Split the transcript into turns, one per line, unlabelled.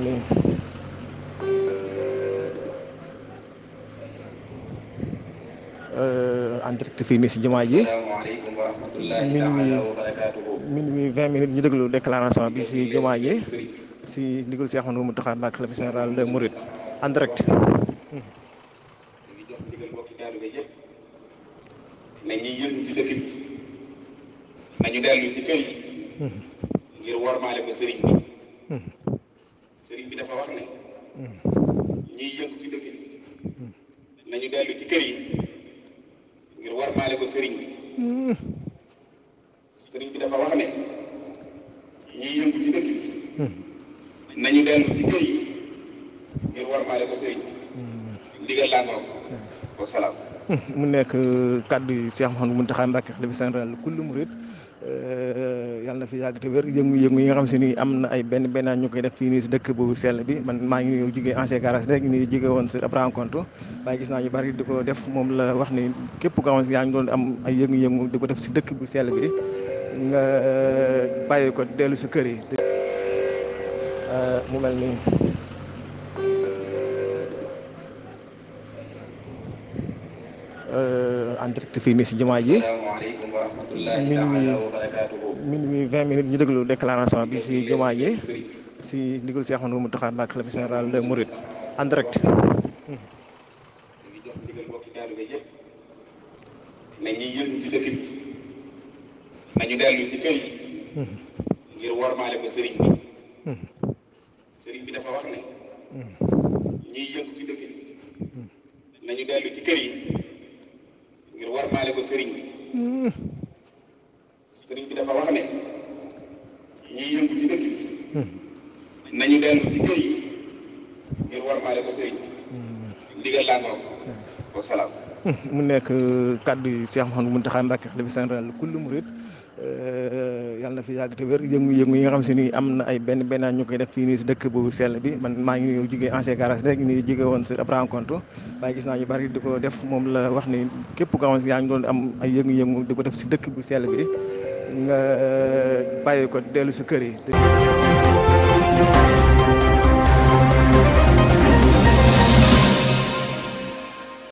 mel eh, nii en direct fii nii si jumaa ji minuit vingt minutes ñu déglu déclaration bi si jumaa ji si ndigal si Ahmadou Mountakha Mbacké xalifa général des mourides en direct
dafa wax ne ñiy yëngu ci dëkk bi nañu dellu ci kër yi ngir war maale ko sëriñ bi sëriñ bi ci kër yi ngir war maale ko sëriñ bi ndigal laa ngoog wasalaam
mu nekk kàddu yi Cheikh Mouhamadou Mountakha Mbacké xalifa général kullu murid yal na fi yàgg te yëngu-yëngu yi nga xam si ni am na ay benn benn ñu koy def fii nii si dëkk bu sell bi man maa ngi ñëw jugee ancien garage woon sur ab rencontre waaye gis naa ñu bari di ko def moom la wax ni képp koo xam si yaa ngi doon am ay yëngu di ko def si dëkk bu sell bi euh, dellu si kër yi. Euh, mu mel euh, nii. si jumaa ji. minuit minuit vingt minutes ñu déglu déclaration bi si jumaa yi si ndigal si Ahmadou Mountakha Mbacké xalifa général des mourides en direct
nañuy yëngu ci dëkk bi ci kër yi ngir wormaale ko ko sëriñ bi
hmm. sëriñ bi dafa wax ne
ñiy yëngu ci dëkk bi hmm. nañu dellu ci kër ngir war maale ko sëriñ bi hmm. ndigal laa ngoog hmm. wasalaam
mu nekk uh, kàddu yi Cheikh Mouhamadou Mountakha Mbacké xalifa général kullu murid uh, yàlla na fi yàgg te yëngu-yëngu yi nga xam si ni am na ay benn benn ñu koy def fii nii si dëkk bu sell bi man maa ngi nuyu jugee ancien garage rek ñu ngi woon si ab rencontre waaye gis naa ñu bari di ko def moom la wax ni képp koo xam si am ay yëngu-yëngu di ko def si dëkk bu sell bi. nga bàyyi ko dellu si kër yi.